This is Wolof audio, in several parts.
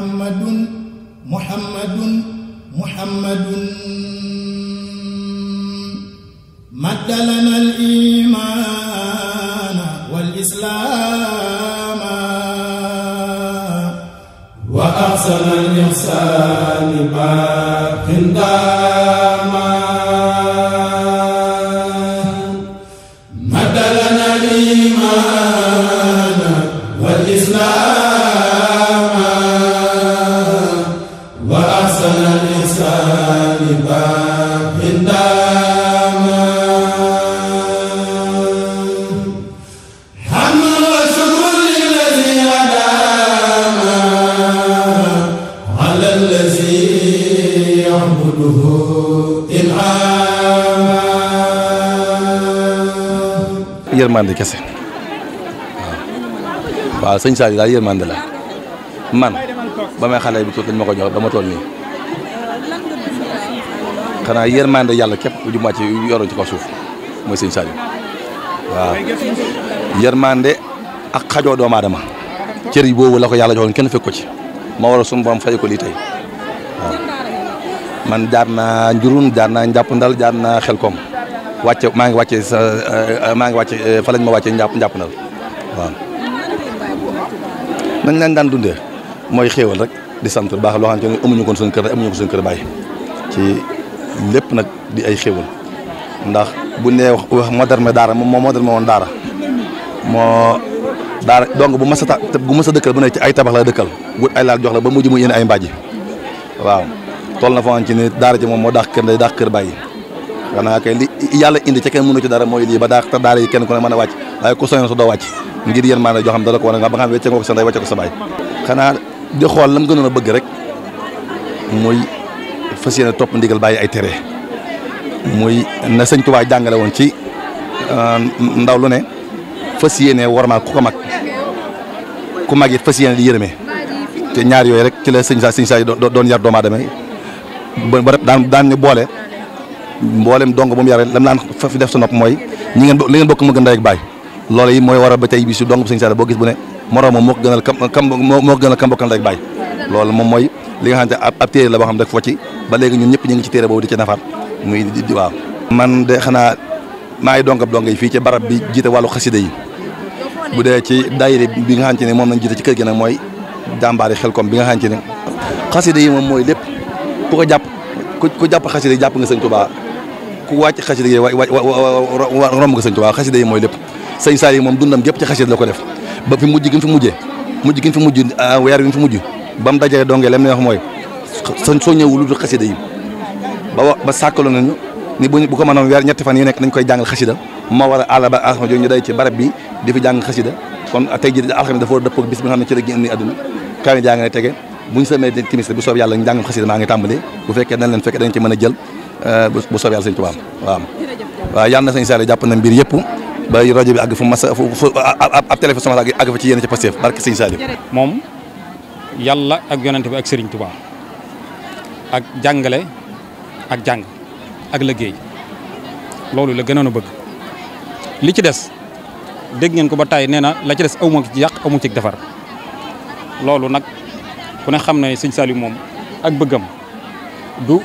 محمد محمد محمد مد لنا الإيمان والإسلام وأحسن الإحسان باق داما مد لنا الإيمان yërmande kese waaw waaw sëñ Saliou daal la man ba xale bi tuut lañ ma ko jox ba ma toll nii xanaa yërmande yàlla képp ju ma ci yoroon ci mooy sëñ Saliou waaw yërmande xajoo doomu aadama cër yi boobu la ko yàlla joxoon kenn fekk ko ma war a sum ko lii man jaar njurun jaar naa ndal jaar xel koom wàcce maa ngi wàcce sa eh, maa ngi wàcce eh, fa lañ ma wàcce njàpp njàpp na waaw nañ daan dundee mooy xéewal rek di sant baax loo xamante ne amuñu ko suñu kër amuñu ko suñu kër bàyyi ci lépp nag di ay xéewal ndax bu nee wax wax moderne daara moom moo moderne woon daara moo daara donc bu mas a bu mas a dëkkal bu ne ci ay tabax la dëkkal bu ay laal jox la ba mujj mu yéen ay mbàjj waaw toll na foo xamante ne daara ji moom moo daax kër day daax xanaa kay li yàlla indi ca kenn mënu ci dara mooy lii ba daa te daara yi kenn ku ne mën a wàcc waaye ku soñoon su doo wàcc ngir yéen maa ne joo xam dala ko war a nga ba nga xam wecce nga ko sa ndey wecce ko sa baay xanaa di xool lam gënoon a bëgg rek muy fas yéene topp ndigal bàyyi ay tere muy na sëñ Tuubaa jàngale woon ci euh, ndaw lu ne fas yéene war maa ku ko mag ku mag it fas yéene di yërëmee te ñaar yooyu rek ci la sëñ saa sëñ saa doon yar doomu aadama ba daan daan ñu boole mboolem dong moom mu yare lam naan fa fi def sa nopp mooy ñi ngeen li ngeen bokk yi boo gis bu ne moroom moom moo ko gënal kam kam moo ko gënal moom mooy li nga xam ne boo xam ne rek focc ba léegi ñëpp ñu ngi ci téere boobu di ci xanaa maa ngi dongab donga fii ci barab bi jiite wàllu xasida yi bu dee ci daayira bi nga xamante ne moom lañ jiite ci kër gi nag mooy jàmbaari xelkom bi nga xamante ne xasida yi moom mooy lépp ku ko jàpp ku jàpp xasida yi jàpp nga sëñ Tuubaa ku wàcc xasida yi wa wa romb nga sëñ Tuubaa xasida yi mooy lépp sëñ Saali moom dundam gépp ci xasida la ko def ba fi mujj gi mu fi mujj gi mu fi mujj ah, weer bi mu fi mujj ba mu dajee dongee lem ne wax mooy sëñ soo ñëwul lu dul xasida yi ba wax ba sàkkaloon nañu ni bu ko mënoon weer ñetti fan yu nekk nañ koy jàngal xasida moo war a àll ba asma jooju ñu ci barab bi di fi jàng xasida kon tey jii alxames dafa war a dëppoo bis ci la génn àdduna kaay jàng na tege bu ñu semee timis soob yàlla ñu xasida fekkee dañ leen fekkee dañ ci Eh, bu soobee yàlla sëñ Tuubaa waaw waaw yal na sëñ jàpp na mbir yëpp ba rajo bi àgg fu mas fu ab téléphone sama àgg fa ci yéen ci Pastef barke sëñ Saliou moom yàlla ak yonent bi ak sëriñ Tuubaa ak jàngale ak jàng ak liggéey loolu la gënoon a bëgg li ci des dégg ngeen ko ba tàyyi nee na la ci des aw ma ci yàq aw ma ci defar loolu nag ku ne xam ne sëñ Saliou moom ak bëggam du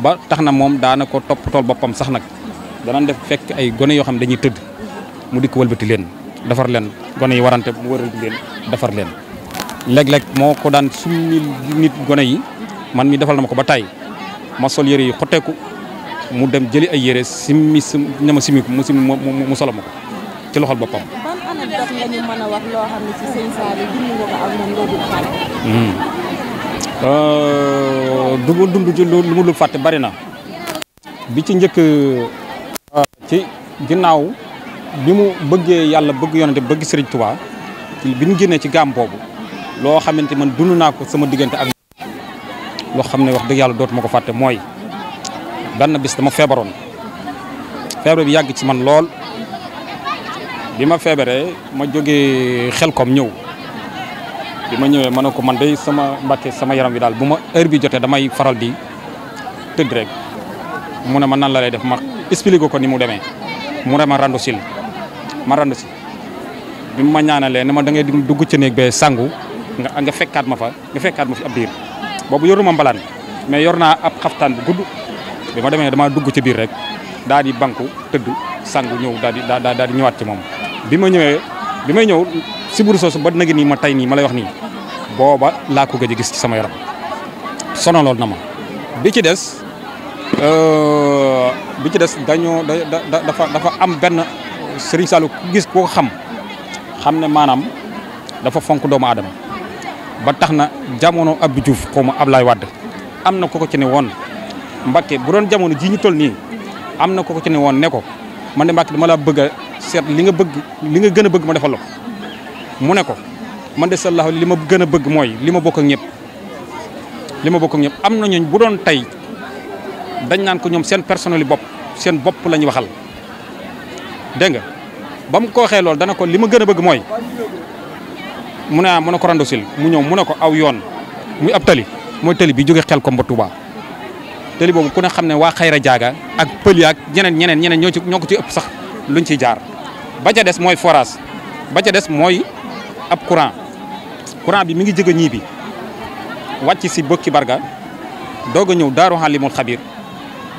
ba tax na moom daana ko topp tool boppam sax nag danañ def fekk ay gone yoo xam ne dañuy tëdd mu dikk wëlbati leen defar leen gone yi warante mu wëlbati leen defar leen léeg-léeg moo ko daan summi nit gone yi man mi defal na ma ko ba tàyyi ma sol yére yi xotteeku mu dem jëli ay yére simmi sim ñama simmi ko mu mu solo ma ko ci loxol boppam. Euh, du ma dund ci lu mu dul fàtte bari na bi ci njëkk euh, ci ginnaaw bi mu bëggee yàlla bëgg yonante bëgg Serigne Touba bi ñu génnee ci gaam boobu loo xamante man dund naa ko sama diggante ak loo xam ne wax dëgg yàlla dootuma ko fàtte mooy benn bis dama feebaroon feebar bi yàgg ci man lool bi ma feebaree ma jógee xel kom ñëw bima ñëwé ñëwee ko man day sama mbàkke sama yaram bi dal buma heure bi jotee damay faral di teud rek mu né ma nan la lay def ma expliquer ko ni mu démé mu réma rando sil ma rando si bima ma ñaanalee ne ma da ngay dugg ci neeg bé sangu nga nga fekkat ma fa nga fekkat ma fi ab diir yoruma mais yorna ab bu gudd bima démé dama dugg ci bir rek di banku teud sangu ñëw daal di ci mom bima ñëwé bima bur soso ba nagini ma tay ni ma lay wax ni boba la ko gëj gis ci sama yaram sonaloon na ma bi ci des euh, bi ci des daño dafa dafa am ben Serigne Saliou gis ko xam xamne manam dafa fonk doomu adam ba taxna jamono Abdou Diouf ko mo ablay wad amna na ko ko ci ne won Mbacke bu doon jamono ji ñu toll ni amna na ko ko ci ne won ne ko man de Mbacke dama la bëgg set li nga bëgg li nga gëna bëgg ma defal la mu ne ko man de sallahu li ma gën bëgg moy li ma bokk ak ñep li ma bokk ak ñep am na ñooñ bu doon tay dañ nan ko ñom seen personnel bop seen bop lañ waxal de nga bam ko waxee loolu dana ko li ma gën bëgg moy mu ne ah, mu ne ko randosil mu ñëw mu ne ko aw yoon muy ab tali moy tali bi joge xel ko mba Touba tali bobu ku ne xamne wa khayra jaaga ak peul yak ñeneen ñeneen ñeneen ñoo ci ñoko ci ëpp sax luñ ci jaar ba ca des moy forage ba ca des mooy ab courant courant bi mu ngi jëg ñii bi wàcc si bëkki barga doog a ñëw daaru xalimul xabir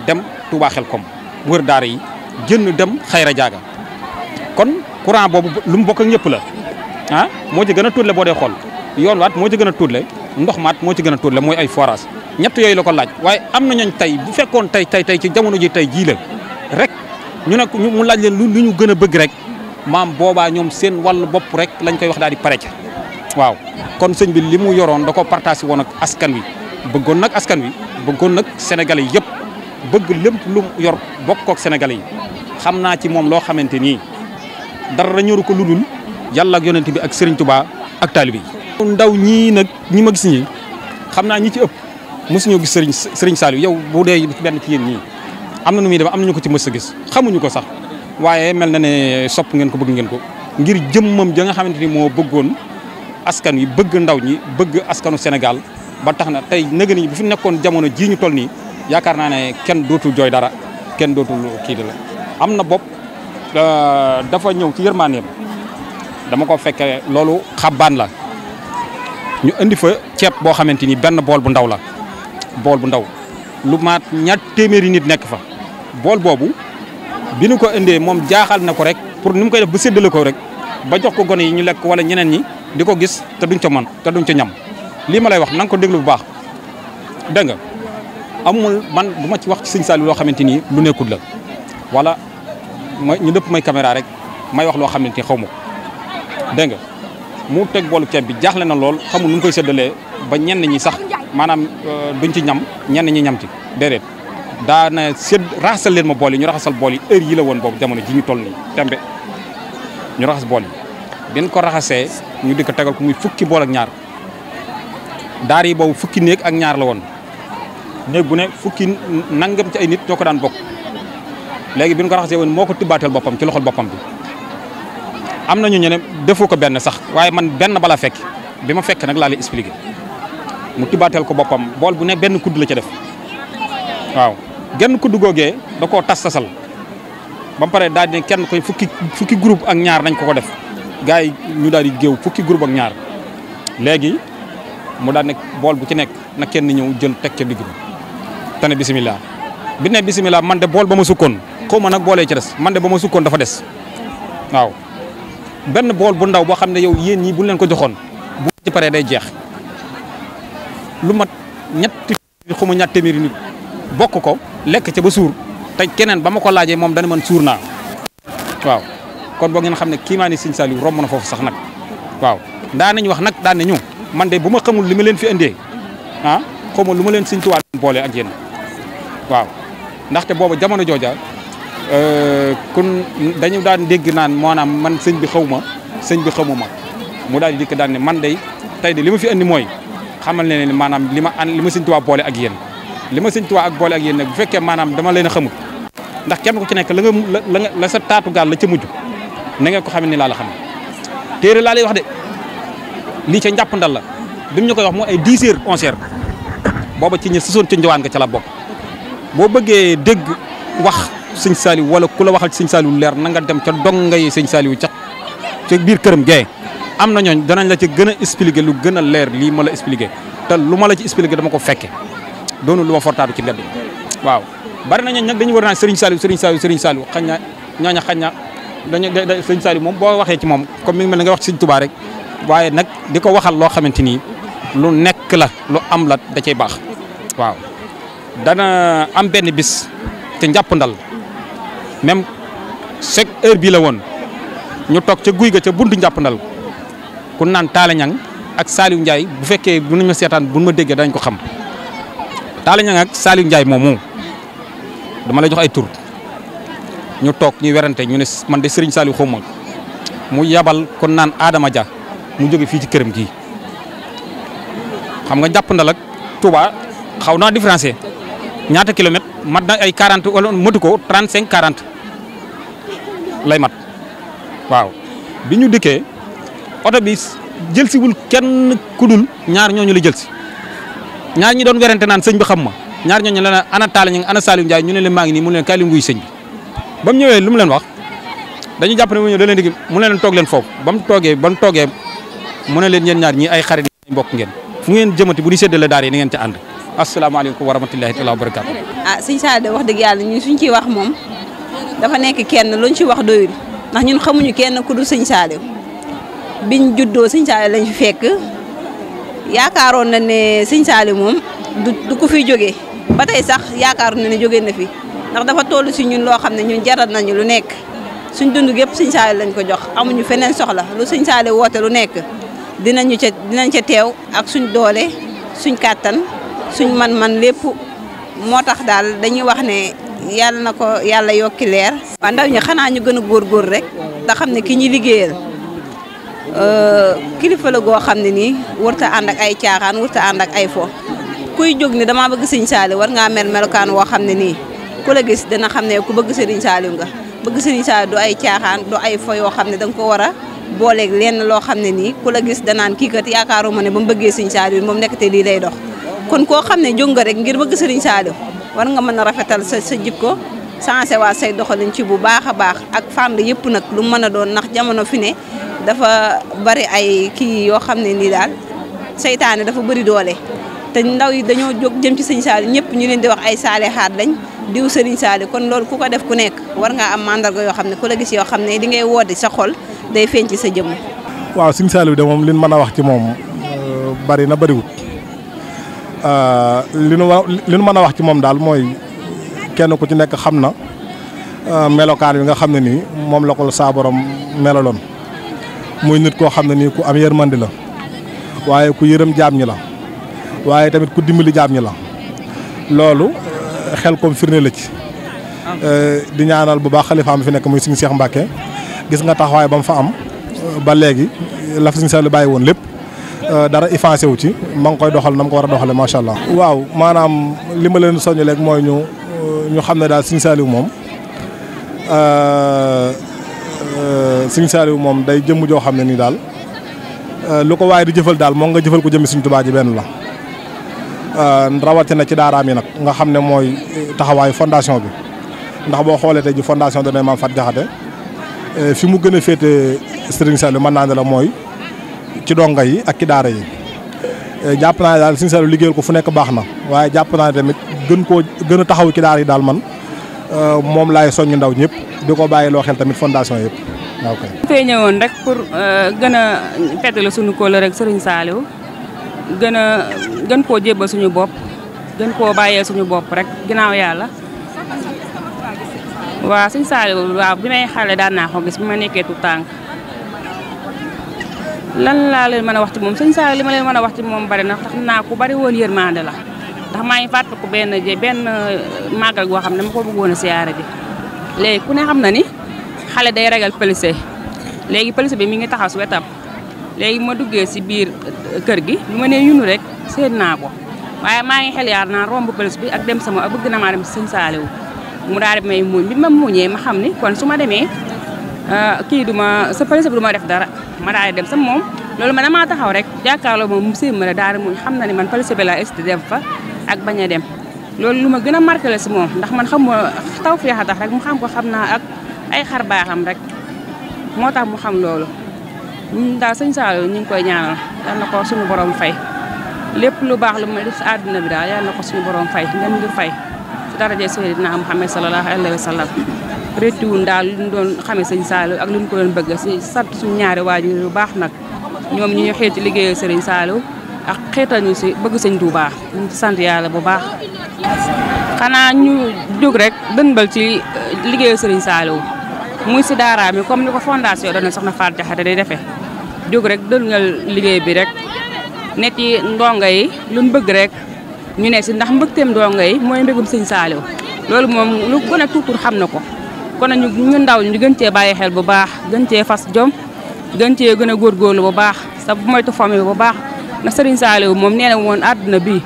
dem Touba Xelkom wër daara yi jënn dem xayra jaaga kon courant boobu lu mu bokk ak ñëpp la ah moo ci gën a tuutle boo dee xool yoon waat moo ci gën a tuutle ndox maat moo ci gën a tuutle mooy ay forage ñett yooyu la ko laaj waaye am na ñooñ tey bu fekkoon tey tey tey ci jamono ji tey jii la rek ñu ne mu laaj leen lu ñu gën a bëgg rek Mam boba ñom seen walu bop rek lañ koy wax daal di paré ca waaw kon sëñ bi limu yoron dako partage ko ak askan wi bëggon nak askan wi bëggon nak sénégalais yépp bëgg lepp lu yor bokk ak sénégalais yi xam ci mom lo xamanteni dara ñoru ko ludul yalla ak yonent bi ak sëriñ touba ak taalibe yi ndaw ñi nak ñi ma gis ñi xamna ñi ci ëpp ñu gis sëriñ sëriñ salu yow bu dé ben ci yeen ñi amna nu mi dem amna ñu ko ci gis xamu ñu ko sax waye mel na ne sopp ngeen ko bëgg ngeen ko ngir jëmmam ja nga xamanteni mo bëggoon askan yi bëgg ndaw ñi bëgg askanu Sénégal ba taxna tay neug ni bu fi nekkon jamono ji ñu toll ni yaakar na ne ken dootul joy dara ken dootul kii la amna bop euh, dafa ñew ci yermane dama ko fekke lolu xaban la ñu andi fa ceeb bo xamanteni ben bol bu ndaw la bol bu ndaw lu mat téméri nit nek fa bol bobu bi ko indee mom jaaxal na rek pour nim koy def bu séddale ko rek ba jox ko gone yi ñu lek wala ñeneen ñi diko gis te duñ ci man te duñ ci ñam li ma lay wax nang ko déglu bu baax dégg nga amul man du ci wax ci sall lo xamanteni lu nekkul la wala ñu may caméra rek may wax lo xamanteni xawmu xaw nga mu teg bol ci bi jaaxle na lool xamul nu mu koy séddalee ba ñenn ñi sax manam euh, duñ ci ñam ñenn ñi ñam ci daana sédd raxasal leen ma bool yi ñu raxasal bool yi heure yi la woon boobu jamono ji ñu toll nii tembe ñu raxas bool yi biñ ko raxasee ñu di ko tegal ko muy fukki bool ak ñaar daar yi boobu fukki néeg ak ñaar la woon néeg bu ne fukki nangam ci ay nit ñoo ko daan bokk léegi bi ñu ko raxasee woon moo ko tibbaateel boppam ci loxol boppam bi am nañu ñu ne defoo ko benn sax waaye man benn bala fekk bi ma fekk nag laal lay mu tibbaateel ko boppam bool bu ne benn kudd la ca def waaw genn ku goge da ko tas tasal ba mu paree daal di kenn koy fukki fukki groupe ak ñaar nañ ko ko def gaay ñu daal di geew fukki groupe ak ñaar léegi mu daal nek bol bu ci nek na kenn ñew jël tek ci digg tane bismillah bi ne bismillah man de bol ba ma sukkoon xaw ma bolé ci des man de ba ma dafa dess waw benn bol bu ndaw bo xam yow yeen ñi bu leen ko joxon bu ci paré day jeex lu mat ñetti xuma ñatt téeméeri nit bokko ko lekk ca ba suur te keneen ba ma ko laajee moom dana mën suur naa waaw kon boo ngeen xam ne kii maa ni Sëñ Saliou romb na foofu sax nag waaw daa nañ wax nag daan nañu man de bu ma xamul li ma leen fi indee ah xaw lu ma leen Sëñ Tuubaa ak yéen waaw ndaxte booba jamono jooja euh, kun dañu daan dégg naan maanaam man sëñ bi xaw ma sëñ bi xamu ma mu daal di dikk daan ne man dey tey de li ma fi indi mooy xamal ne ne maanaam li ma an li ma Sëñ boole ak yéen lima ma sëñ Tuubaa ak boole ak yéen nag bu fekkee maanaam dama leen a xamut ndax kenn ku ci nekk la nga la sa taatu gaal la ca mujj na nga ko xam ne la xam téere laa lay wax de lii ca njàpp ndal la bi mu ñu koy wax moo ay 10 heures 11 ci ñi nga la bok dégg wax wala kula waxal sëñ Saliou leer na nga dem dong ngay sëñ Saliou ca ca biir am na ñooñ danañ la ci gën a expliquer lu gën leer la expliquer te lu ma la ci expliquer dama ko feke doonul lu ma fortaatu ci mbedd waaw bari nañ nag dañu war naa Serigne Saliou Serigne Saliou Serigne Saliou xañ na ñooña xañ na dañu Serigne Saliou moom boo waxee ci moom comme mi mel na nga wax ci Serigne Touba rek waaye nag di ko waxal loo xamante ni lu nekk la lu am la da cay baax waaw dana am benn bis te njàpp ndal même chaque heure bii la woon ñu toog ca guy ga ca buntu njàpp ndal naan Taale Ñang ak Saliou Ndiaye bu fekkee bu nañ ma seetaan bu ma déggee dañ ko xam Talla Niang ak Saliou momo, moomu dama lay jox ay tur ñu toog ñu werante ñu ne man de Serigne Saliou xawma mu yabal kon naan Adama mu ci xam nga ndal ak Touba ñaata kilomètre mat na ay 40 wala matu ko 35 40 lay mat waaw bi ñu otobis oto jël si wul kenn kudul dul ñaar ñooñu la si ñaar ñi doon werante naan sëñ bi xam ma ñaar ñooñu la ana Talla Niang ana Saliou Ndiaye ñu ne leen maa nii mu leen kaay leen ba mu lu mu leen wax dañu jàpp ne mu ñëw da toog leen foofu ba mu toogee ba mu toogee mu ne leen ñeen ñaar ñi ay xarit ay mbokk ngeen fu ngeen jëmati bu di séddale daara yi ni ngeen ci ànd asalaamaaleykum wa rahmatullahi taala wa barakaatu ah sëñ Sadio wax dëgg yàlla ñun suñ ciy wax moom dafa nekk kenn luñ ci wax doyul ndax ñun xamuñu kenn ku dul sëñ Sadio biñ juddoo sëñ Sadio lañ fi fekk yaakaaroon na ne Sëñ Saaliw moom du du ko fiy jógee ba tey sax yaakaaroon na ne jógee na fi ndax dafa toll si ñun loo xam ne ñun jaral nañu lu nekk suñ dund gépp Sëñ Saaliw lañ ko jox amuñu feneen soxla lu Sëñ woote lu nekk dinañu ca dinañ ca teew ak suñ doole suñ kàttan suñ man-man lépp moo tax daal dañuy wax ne yàlla na ko yàlla yokki leer. waaw ndaw ñi xanaa ñu gën a góor góor rek te xam ne ki ñuy liggéeyal. Euh, kilifa la goo xam ne nii warut a ànd ak ay caaxaan warut a ak ay fo kuy jóg ni damaa bëgg sëñ Saliou war ngaa mel melokaan woo xam ne nii ku la gis dana xam ne ku bëgg sëriñ Saliou nga bëgg sëriñ Saliou du ay caaxaan du ay fo yoo xam ne danga ko war a booleeg lenn loo xam ne nii ku la danaan kii kat yaakaaruma ne ba mu bëggee sëriñ Saliou moom nekk te lii lay dox kon koo xam ne jóg nga rek ngir bëgg sëriñ Saliou war nga mën a rafetal sa sa jikko sensé waa say doxalin ci bu baax a baax ak fànn yëpp nag lu mën a doon ndax jamono fi ne dafa bari ay kii yoo xam ne nii daal seytaane dafa bari doole te ndaw yi dañoo jóg jëm ci sëñ Saaliw ñëpp ñu leen di wax ay saale xaat lañ diw sëriñ saali kon loolu ku ko def ku nekk war ngaa am màndargo yoo xam ne ku la gis yoo xam ne di ngay woote sa xol day feeñ ci sa jëmm. waaw sëñ Saaliw de moom li ñu mën a wax ci moom euh, bari na bariwut euh, li nu li mën a wax ci moom daal mooy kenn ku ci nekk xam na euh, melokaan bi nga xam ne nii moom la ko saa borom muy nit koo xam ne nii ku am yërmandi la waaye ku yërëm jaam ñi la waaye tamit ku dimbali jaam ñi la loolu eh, xel kom firnde la ci eh, di ñaanal bu baax xalifaam fi nekk muy Serigne Cheikh Mbacke gis nga taxawaay ba mu fa am eh, ba léegi laf fa Serigne Saliou bàyyi woon lépp dara effacé wu ci ma ngi koy doxal na mu ko war a doxale macha allah. waaw maanaam li ma leen soññu léegi mooy ñu ñu xam ne daal Serigne Saliou moom. Euh, Serigne Saliou moom day jëmm joo xam ne nii daal euh, lu ko waaye di jëfal daal moom nga jëfal ko jëmmi Serigne Touba ji benn la euh, rawatina ci daaraam yi nag nga xam ne mooy taxawaayu fondation bi ndax boo xoolee tey ji fondation Danoy Maam Fat Jaxate fi mu gën a féete Serigne Saliou mën naa ne mooy ci donga yi ak ci daara yi jàpp naa ne daal Serigne ko fu nekk baax na waaye jàpp naa tamit gën koo gën a taxaw ci daara yi daal man moom laay soññu ndaw ñëpp. di ko bàyyi loo xel tamit fondation yëpp waaw kay. tey ñëwoon rek pour euh, gën a la suñu kóolóor rek Serigne Saliou gën a gën koo jébbal suñu bopp gën koo bàyyee suñu bopp rek ginnaaw yàlla. waaw Serigne Saliou waaw bi may xale daan naa ko gis bi ma nekkee tout tànk lan laa leen mën a wax ci moom Serigne Saliou li ma leen mën a wax ci moom bari na tax naa ko bari woon yërmande la ndax maa ngi fàttaliku benn benn euh, màggal goo xam ne dama ko bëggoon a siyaare ji léegi ku ne xam ni xale day ragal pëlise léegi pëlise bi mi ngi taxaw si wetam léegi ma duggee si biir euh, kër gi lu ma yunu rek seet na ko waaye ma ngi xel yar na romb pëlise bi ak dem sama bëgg na maa dem sëñ saalewu mu daal di may muuñ bi ma muuñee ma xam ni kon suma euh, ki duma sa def dara ma daal dem sa moom loolu ma damaa taxaw rek jàkkaarloo moom mu ma daal di muuñ ni man pëlise bi laa est dem fa ak bañ dem loolu lu ma gën a marqué la si moom ndax man xam ma taw feex tax rek mu xam ko xam naa ak ay xar baaxam rek moo tax mu xam loolu ñun daal sëñ Saalum ñu ngi koy ñaanal yal na ko suñu borom fay lépp lu baax lu ma def si àdduna bi daal yal na ko suñu borom fay ndem ngi fay su si daraja Seydina Muhammad sallallahu alayhi wa sallam réttiwun daal lu ñu doon xamee sëñ Saalum ak lu ñu ko doon bëgg si sant suñu ñaari waajur lu baax nag ñoom ñu ñu xeeti liggéeyal sëriñ Saalum ak xeetal si bëgg sëñ Tuubaa ñu ci sant yàlla bu baax xanaa ñu jóg rek dënbal ci eh, liggéeyu sëriñ Saliou muy si daara mi comme ni ko fondation doon soxna Faat Jaxate day defe jóg rek dëngal liggéey bi rek ne ci ndongo yi luñ bëgg rek ñu ne si ndax mbëgteem ndongo yi mooy mbëggum sëñ Saliou loolu moom lu gën a tuutur xam na ko kon ñu ñu ndaw ñu gën cee bàyyi xel bu baax gën cee fas jom gën cee gën góor góorgóorlu bu baax sa moytu famille bu baax ndax Serigne Saliou moom nee na woon àdduna bii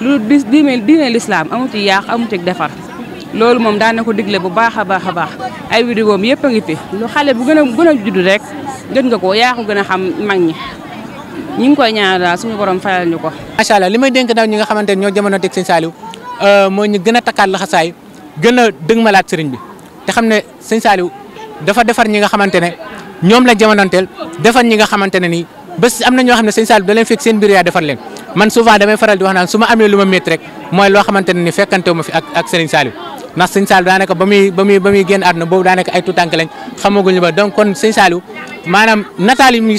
lu di diine diine lislaam amu ci yaax amu ci defar loolu moom daan na ko digle bu baax a baax a baax ay widéoom yëpp a ngi fi lu xale bu gën a gën a judd rek gën nga ko yaaxu gën a xam mag ñi ñi ngi koy ñaan daal suñu borom fayal ñu ko macha allah li may dénk ndaw ñi nga xamante ne ñoo jamono teg Serigne Saliou euh, moo ñu gën a takkaat laxasaay gën a dëgmalaat sëriñ bi te xam ne Serigne Saliou dafa defar ñi nga xamante ne ñoom la jamonoonteel defar ñi nga xamante ne nii bés am na ñoo xam ne sëñ Saliou da leen fekk seen mbir yaa defar leen man souvent damay faral di wax naan su ma amee lu ma métti rek mooy loo xamante ne ni fekkante wu ma fi ak ba muy ba muy ba muy génn àdduna kon sëñ Saliou maanaam nataal bi mu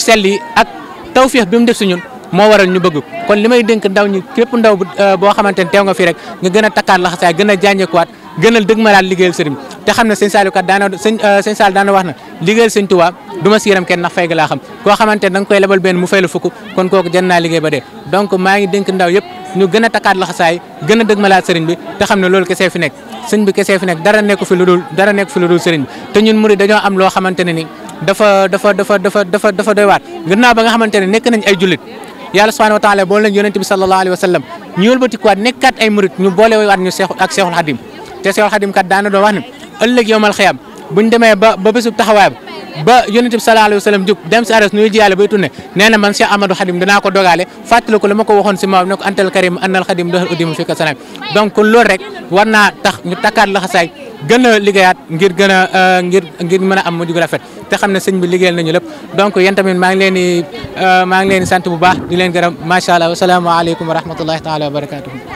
def si ñun moo waral ñu bëgg kon li may dénk ndaw ñi képp ndaw euh, boo xamante ne teew nga fi rek nga gën a takkaat laxasaay gën a jànjeekuwaat gënal dëgg ma laal liggéeyal sëriñ te xam ne sëñ Saliou kat daana sëñ euh, sëñ Saliou wax na liggéeyal sëñ Tuubaa du ma si yaram fay ga xam koo xamante ne da nga koy lebal benn mu fay la fukk kon kooku jën naa liggéey ba dee donc maa ngi dénk ndaw yëpp ñu gën a takkaat laxasaay gën a dëgg ma sëriñ bi te xam ne loolu kesee fi nekk sëñ bi kesee fi nekk dara nekku fi lu dul dara nekku fi lu dul sëriñ bi te ñun murid dañoo am loo xamante ne ni dafa dafa dafa dafa dafa dafa doy waat gannaaw ba nga xamante ne nekk nañ ay jullit yàlla subhanahu wa taala boole lañ boole waat ñu te Seex Xadim kat daana doon wax ne ëllëg yowmal xiyam buñ demee ba ba bésub taxawaay ba yonent bi sallallahu alayhi wa sallam jug dem si aras nuyu ji yàlla bay tunne nee na man Cheikh Amadou Khadim danaa ko dogaale fàttali ko la ma ko waxoon si maam ne ko antal karim annal Khadim doxal uddimu fi ka sanam donc kon loolu rek war naa tax ñu takkaat la xasaay gën a liggéeyaat ngir gën a ngir ngir mën a am mujj gu rafet te xam ne sëñ bi liggéeyal nañu lépp donc yéen tamit maa ngi leen di maa ngi leen di sant bu baax di leen gërëm macha allah wasalaamaaleykum wa rahmatullahi taala wa barakatuhu